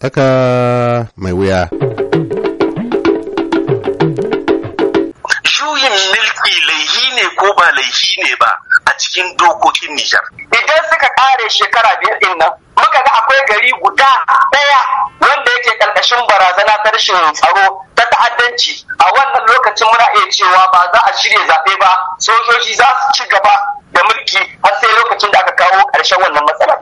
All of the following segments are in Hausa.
tsaka mai wuya. Juyin milki laihi ne ko ba laihi ne ba a cikin dokokin Nijar. Idan suka kare shekara biyar din nan, muka ga akwai gari guda ɗaya wanda yake ƙarƙashin barazana ta rashin tsaro ta ta'addanci. A wannan lokacin muna iya cewa ba za a shirya zaɓe ba, sojoji za su ci gaba da mulki har sai lokacin da aka kawo ƙarshen wannan matsala.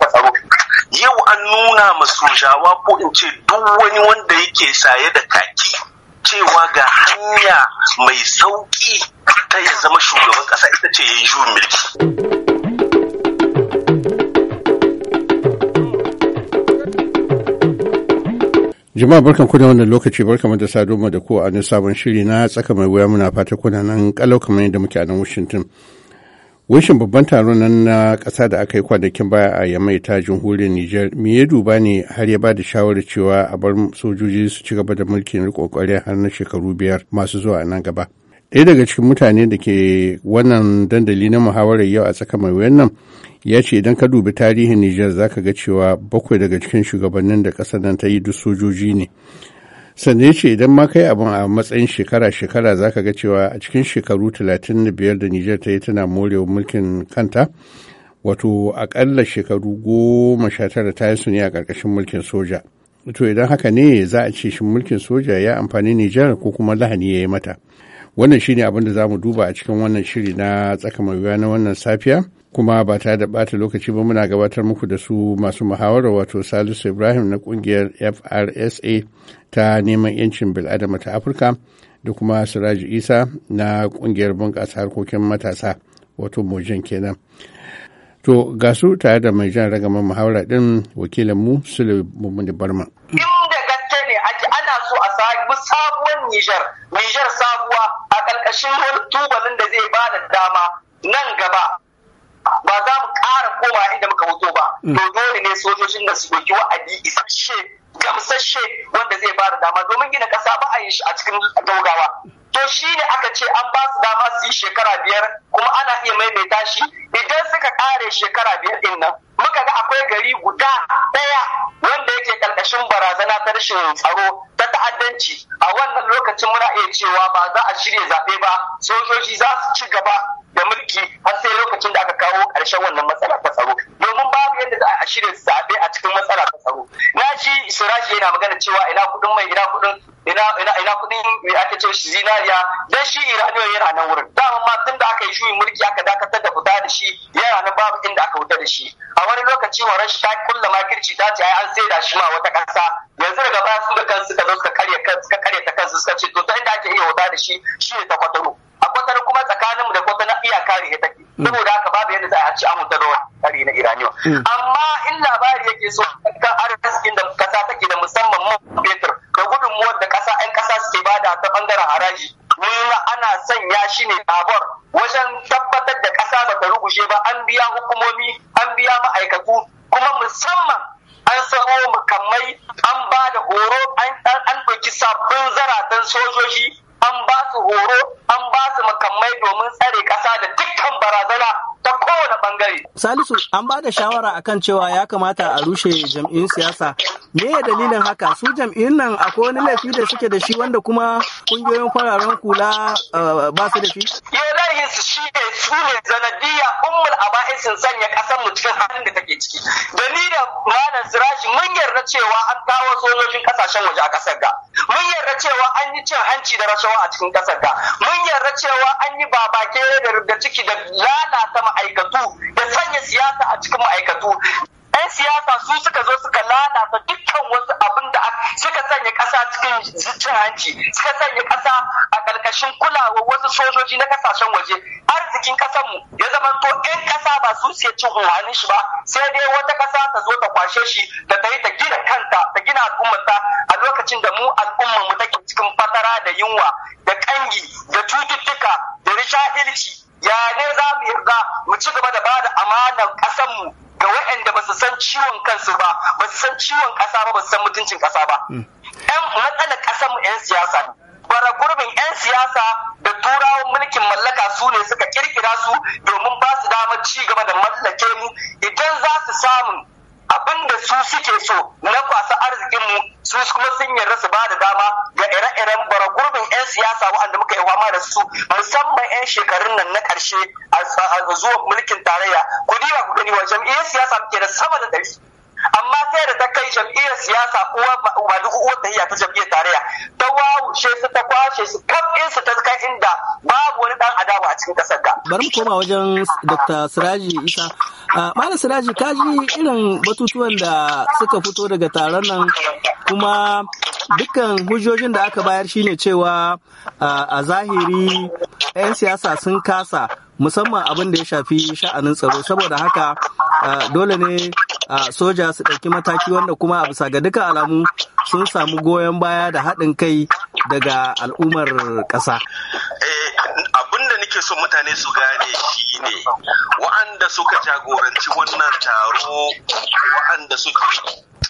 nuna masujawa ko in ce duk wani wanda yake saye da kaki cewa ga hanya mai sauƙi ta ya zama shugaban ƙasa ita ce ya yi mulki. Jama'a barkan ku da wannan lokaci barkan da sadoma da ko a sabon shiri na tsaka mai wuya muna fata kuna nan kalau kamar yadda muke a nan Washington. Wishin babban taron nan na ƙasa da aka yi kwanakin baya a Yamai ta jamhuriyar Nijar, me ya duba ne har ya ba da shawarar cewa a bar sojoji su ci gaba da mulkin riƙon har na shekaru biyar masu zuwa nan gaba. ɗaya daga cikin mutane da ke wannan dandali na muhawarar yau a tsaka mai wayan nan ya ce idan ka dubi tarihin Nijar za ka ga cewa bakwai daga cikin shugabannin da ƙasar nan ta yi duk sojoji ne ya ce idan ma kai abin a matsayin shekara-shekara zaka ga cewa a cikin shekaru 35 da Nijar ta yi tana morewa mulkin kanta wato akalla shekaru goma da ta yi su ne a ƙarƙashin mulkin soja to idan haka ne za a ce shi mulkin soja ya amfani Nijar ko kuma lahani ya yi mata wannan shi ne abin da za mu duba a cikin wannan shiri na tsaka mai na wannan safiya kuma ba ta da bata lokaci ba muna gabatar muku da su masu muhawara wato salisu ibrahim na kungiyar frsa ta neman yancin bil'adama ta afirka da kuma Siraji isa na kungiyar bunƙasa harkokin matasa wato mojan kenan to ga su tare da mai jan ragaman muhawara din wakilin mu mummun da barma inda gaske ne ake ana so a sabu sabuwar nijar nijar sabuwa a ƙarƙashin wani tubalin da zai ba da dama nan gaba to dole ne sojojin da su goki wa'adi isasshe gamsasshe wanda zai ba dama domin gina kasa ba a yi shi a cikin gaugawa to shi ne aka ce an ba su dama su yi shekara biyar kuma ana iya maimaita shi idan suka kare shekara biyar din nan muka ga akwai gari guda ɗaya wanda yake ƙarƙashin barazana ta rashin tsaro ta ta'addanci a wannan lokacin muna iya cewa ba za a shirya zaɓe ba sojoji za su ci gaba da mulki har sai lokacin da aka kawo ƙarshen wannan matsalar ta tsaro za a shirya zaɓe a cikin matsala ta tsaro na shi siraji yana magana cewa ina kuɗin mai ina kuɗin ina ina kuɗin mai ake ce shi zinariya dan shi iraniyo yana nan wurin dama ma tun da aka yi juyin mulki aka dakatar da fita da shi yana nan babu inda aka wuta da shi a wani lokaci wa rashin ta kulla makirci ta ce ai an saida shi ma wata ƙasa yanzu daga baya sun ga kansu suka zo suka karya ka karya ta kansu suka ce to ta inda ake iya wuta da shi shi ne ta kwataro a kwatar kuma tsakaninmu da iya iyaka ne take hmm. saboda haka babu yadda za a ci amintarwa da wani na iraniyo hmm. so ka arzikin da kasa take da musamman man fetur da gudunmuwar da kasa 'yan kasa suke bada ta bangaren haraji nuna ana sanya shi ne babur wajen tabbatar da kasa ba ta rugushe ba an biya hukumomi an biya ma'aikatu kuma musamman an samu mukammai an ba da horo an ɗauki sabbin zaratan sojoji an ba su horo an ba su mukammai domin tsare Salisu an ba da shawara akan cewa ya kamata a rushe jam'iyyun siyasa. Me ya dalilin haka? Su jam'iyyun nan akwai wani laifi da suke da shi wanda kuma kungiyoyin fararen kula eh, ba su da shi? Laihin su shi ne su ne zanadiyya ummul sanya kasar mu cikin halin da take ciki. Dalilin ni da Malam Sirashi mun yarda cewa an kawo sojojin ƙasashen waje a ƙasar ga. cewa an yi cin hanci da rashawa a cikin ƙasar ka mun yarda cewa an yi babake da rubuta ciki da lalata ma'aikatu da sanya siyasa a cikin ma'aikatu 'yan siyasa su suka zo suka lalata dukkan wasu abin da suka sanya ƙasa cikin cin hanci suka sanya ƙasa a ƙarƙashin kulawar wasu sojoji na ƙasashen waje har cikin kasar mu ya zama to ɗan kasa ba su siya cin umarnin shi ba sai dai wata kasa ta zo ta kwashe shi da ta yi ta gina kanta ta gina al'ummarta a lokacin da mu al'ummar mu take cikin fatara da yunwa da kangi da cututtuka da rishahilci ya ne za mu yarda mu ci gaba da ba da amanar kasar mu ga waɗanda ba su san ciwon kansu ba ba su san ciwon ƙasa ba ba su san mutuncin ƙasa ba. 'Yan mm. matsalar ƙasar mu 'yan siyasa ne. gurbin 'yan siyasa da turawan mulkin mallaka su ne suka kirkira su domin ba su damar ci gaba da mallake mu idan za su samu abin da su suke so na kwasa arzikin mu su kuma sun yarda su ba da dama ga ire-iren bara gurbin 'yan siyasa waɗanda muka yi wama da su musamman 'yan shekarun nan na ƙarshe a zuwa mulkin tarayya ku diba ku gani wa jam'iyyar siyasa muke da sama da ɗari amma sai da ta kai jam'iyyar siyasa uwa ba duk uwar tahiyya ta jam'iyyar tarayya ta wawushe su ta kwashe su kaf ta kai inda babu wani dan adawa a cikin kasar ga bari mu koma wajen Dr. Siraji Isa Malam Siraji ka ji irin batutuwan da suka fito daga taron nan kuma dukkan hujjojin da aka bayar shine cewa a zahiri 'yan siyasa sun kasa musamman abin da ya shafi sha'anin tsaro saboda haka dole ne a soja su ɗauki mataki wanda kuma a bisa ga duka alamu sun samu goyon baya da haɗin kai daga al'ummar ƙasa. Eh, abin da nake so mutane su gane shi ne wa'anda suka jagoranci wannan taro wa'anda suke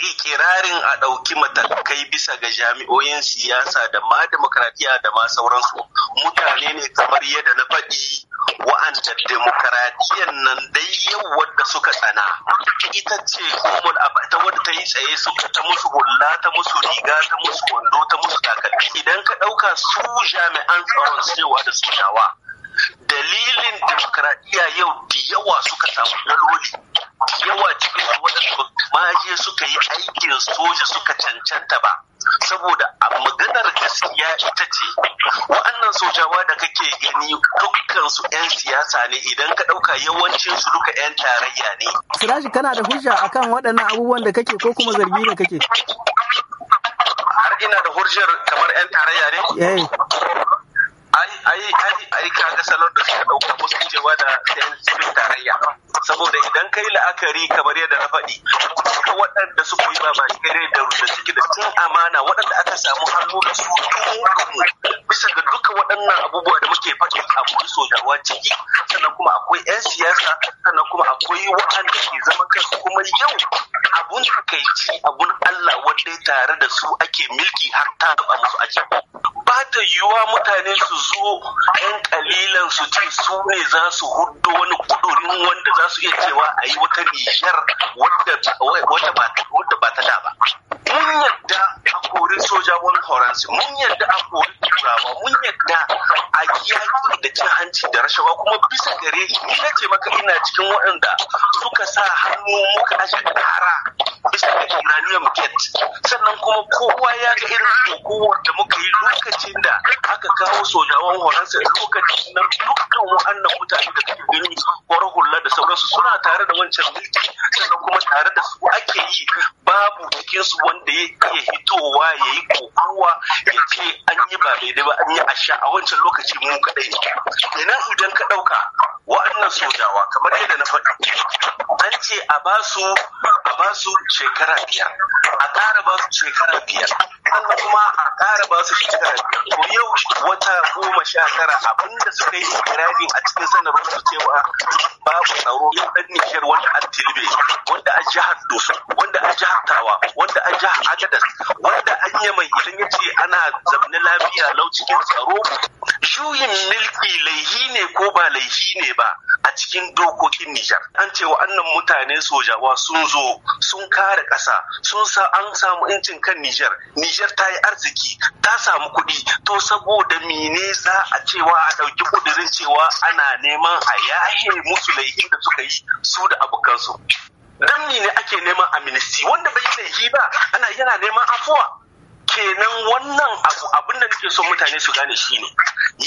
ikirarin a ɗauki matakai bisa ga jami'oyin siyasa da ma da ma sauransu mutane ne kamar yadda na faɗi wa'anda demokaradiyyar nan dai yau wadda suka tsana ita ce komul ta wadda ta yi tsaye suka ta musu hula ta musu riga ta musu wando ta musu takalmi idan ka ɗauka su jami'an tsaron cewa da sunawa dalilin demokaradiyya yau da yawa suka samu laloli yawa cikin waɗanda ma je suka yi aikin soja suka cancanta ba saboda a maganar gaskiya ita ce wa'annan sojawa da kake gani dukkan su 'yan siyasa ne idan ka ɗauka yawancin su duka 'yan tarayya ne. Siraji kana da hujja akan waɗannan abubuwan da kake ko kuma zargi da kake? Har ina da hujjar kamar 'yan tarayya ne? Eh. Ai, ai, ai, ai, ga salon da suka ɗauka musu cewa da 'yan tarayya. Saboda idan kai la'akari kamar yadda na faɗi, duka waɗanda suka yi ba daidai da rufe suke da cin amana waɗanda aka samu hannu da su bisa ga duka waɗannan abubuwa da muke faɗi akwai sojawa ciki sannan kuma akwai 'yan siyasa sannan kuma akwai waɗanda ke zama kansu kuma yau abun takaici abun Allah wanda tare da su ake milki har ta musu ajiya ba ta yiwuwa mutane su zo yan kalilan su ce su ne za su hudu wani kudurin wanda za su iya cewa a yi wata nishiyar wadda ba ta da ba mun yadda a kori soja wani horansu mun yadda a kori turawa mun yadda a yaki da cin hanci da rashawa kuma bisa gare ni na ce maka ina cikin waɗanda suka sa hannu muka ashe tara bisa ga uranium gate sannan kuma kowa ya ga irin hukumar da muka yi lokacin da aka kawo sojawan horonsa lokacin nan dukkan wa'annan mutane da suke gani kwarar hula da sauransu suna tare da wancan mulki sannan kuma tare da su ake yi babu cikin su wanda ya iya hitowa ya yi kokowa ya ce an yi ba daidai ba an yi a sha a wancan lokaci mu kaɗai, ina idan ka ɗauka wa'annan sojawa kamar yadda na faɗi an ce a ba su a ba su shekara biyar a ƙara ba su shekara biyar sannan kuma a ƙara ba su shekara biyar to yau wata goma sha tara abinda suka yi ikirari a cikin sanarwar su cewa babu tsaro yau ɗan Nijar wanda an tilbe wanda an jihar Dos wanda an jihar Tawa wanda an jihar Agadas wanda an mai idan ya ce ana zamne lafiya lau cikin tsaro yin milki laihi ne ko ba laihi ne ba a cikin dokokin Nijar. An ce annan mutane sojawa sun zo sun kare ƙasa sun sa an samu incin kan Nijar. Nijar ta yi arziki ta samu kuɗi to saboda mine za a cewa a ɗauki kudirin cewa ana neman a yahe musu laihin da suka yi su da abokansu. Dan ne ake neman amnesty wanda bai laihi ba ana yana neman afuwa. kenan wannan abu abin da nake so mutane su gane shine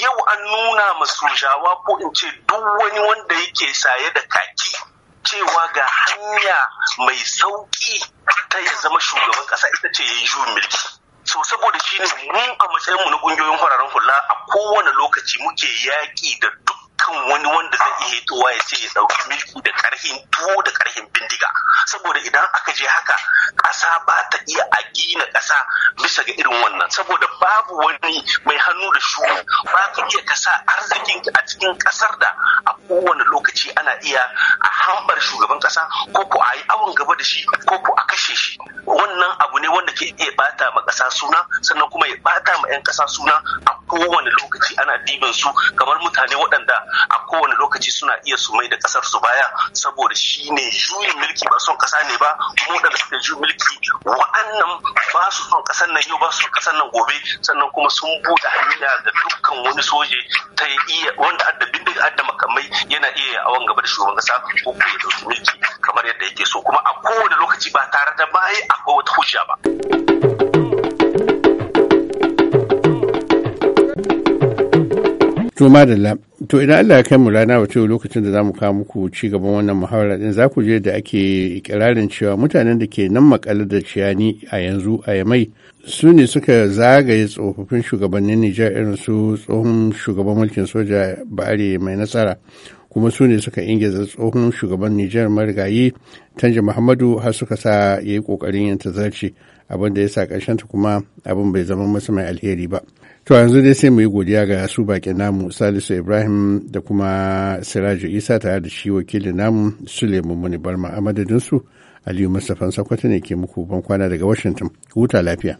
yau an nuna masu jawa ko in ce duk wani wanda yake saye da kaki cewa ga hanya mai sauki ta ya zama shugaban kasa ita ce ya yi juyin mulki so saboda ne mu a matsayinmu na kungiyoyin fararen hula a kowane lokaci muke yaƙi da duk kan wani wanda zai iya hitowa ya ce ya ɗauki mulki da ƙarhin tuwo da ƙarhin bindiga saboda idan aka je haka ƙasa ba ta iya a gina ƙasa bisa ga irin wannan saboda babu wani mai hannu da shuru ba ka iya kasa arzikin a cikin ƙasar da a kowane lokaci ana iya a hambar shugaban ƙasa ko ko a yi awon gaba da shi ko ko a kashe shi wannan abu ne wanda ke iya bata ma ƙasa suna sannan kuma ya bata ma 'yan ƙasa suna a kowane lokaci ana diban su kamar mutane waɗanda a kowane lokaci suna iya su mai da ƙasar su baya saboda shi ne juyin mulki ba son ƙasa ne ba kuma waɗanda suka juyin mulki waɗannan ba su son ƙasar nan yau ba su son ƙasar nan gobe sannan kuma sun buɗe hanya da dukkan wani soje ta iya wanda adda bindiga adda makamai yana iya awan gaba da shugaban ƙasa ko ko ya dauki mulki kamar yadda yake so kuma a kowane lokaci ba tare da bayi akwai wata hujja ba. To madalla, to idan Allah ya kai mu rana wato lokacin da zamu kawo muku ci gaban wannan muhawara din za ku je da ake ikirarin cewa mutanen da ke nan makalar da ciyani a yanzu a yamai su ne suka zagaye tsofaffin shugabannin Nijar irin su tsohon shugaban mulkin soja bare mai nasara kuma su ne suka ingiza tsohon shugaban Nijar marigayi Tanja Muhammadu har suka sa ya yi kokarin yin tazarci abin da ya sa ta kuma abin bai zama masa mai alheri ba. To yanzu dai sai mu yi godiya ga su baƙin namu Salisu Ibrahim da kuma Siraju Isa tare da shi wakilin namu Suleiman Muni Barma a madadinsu Aliyu Mustapha Sakwata ne ke muku ban kwana daga Washington. Huta lafiya.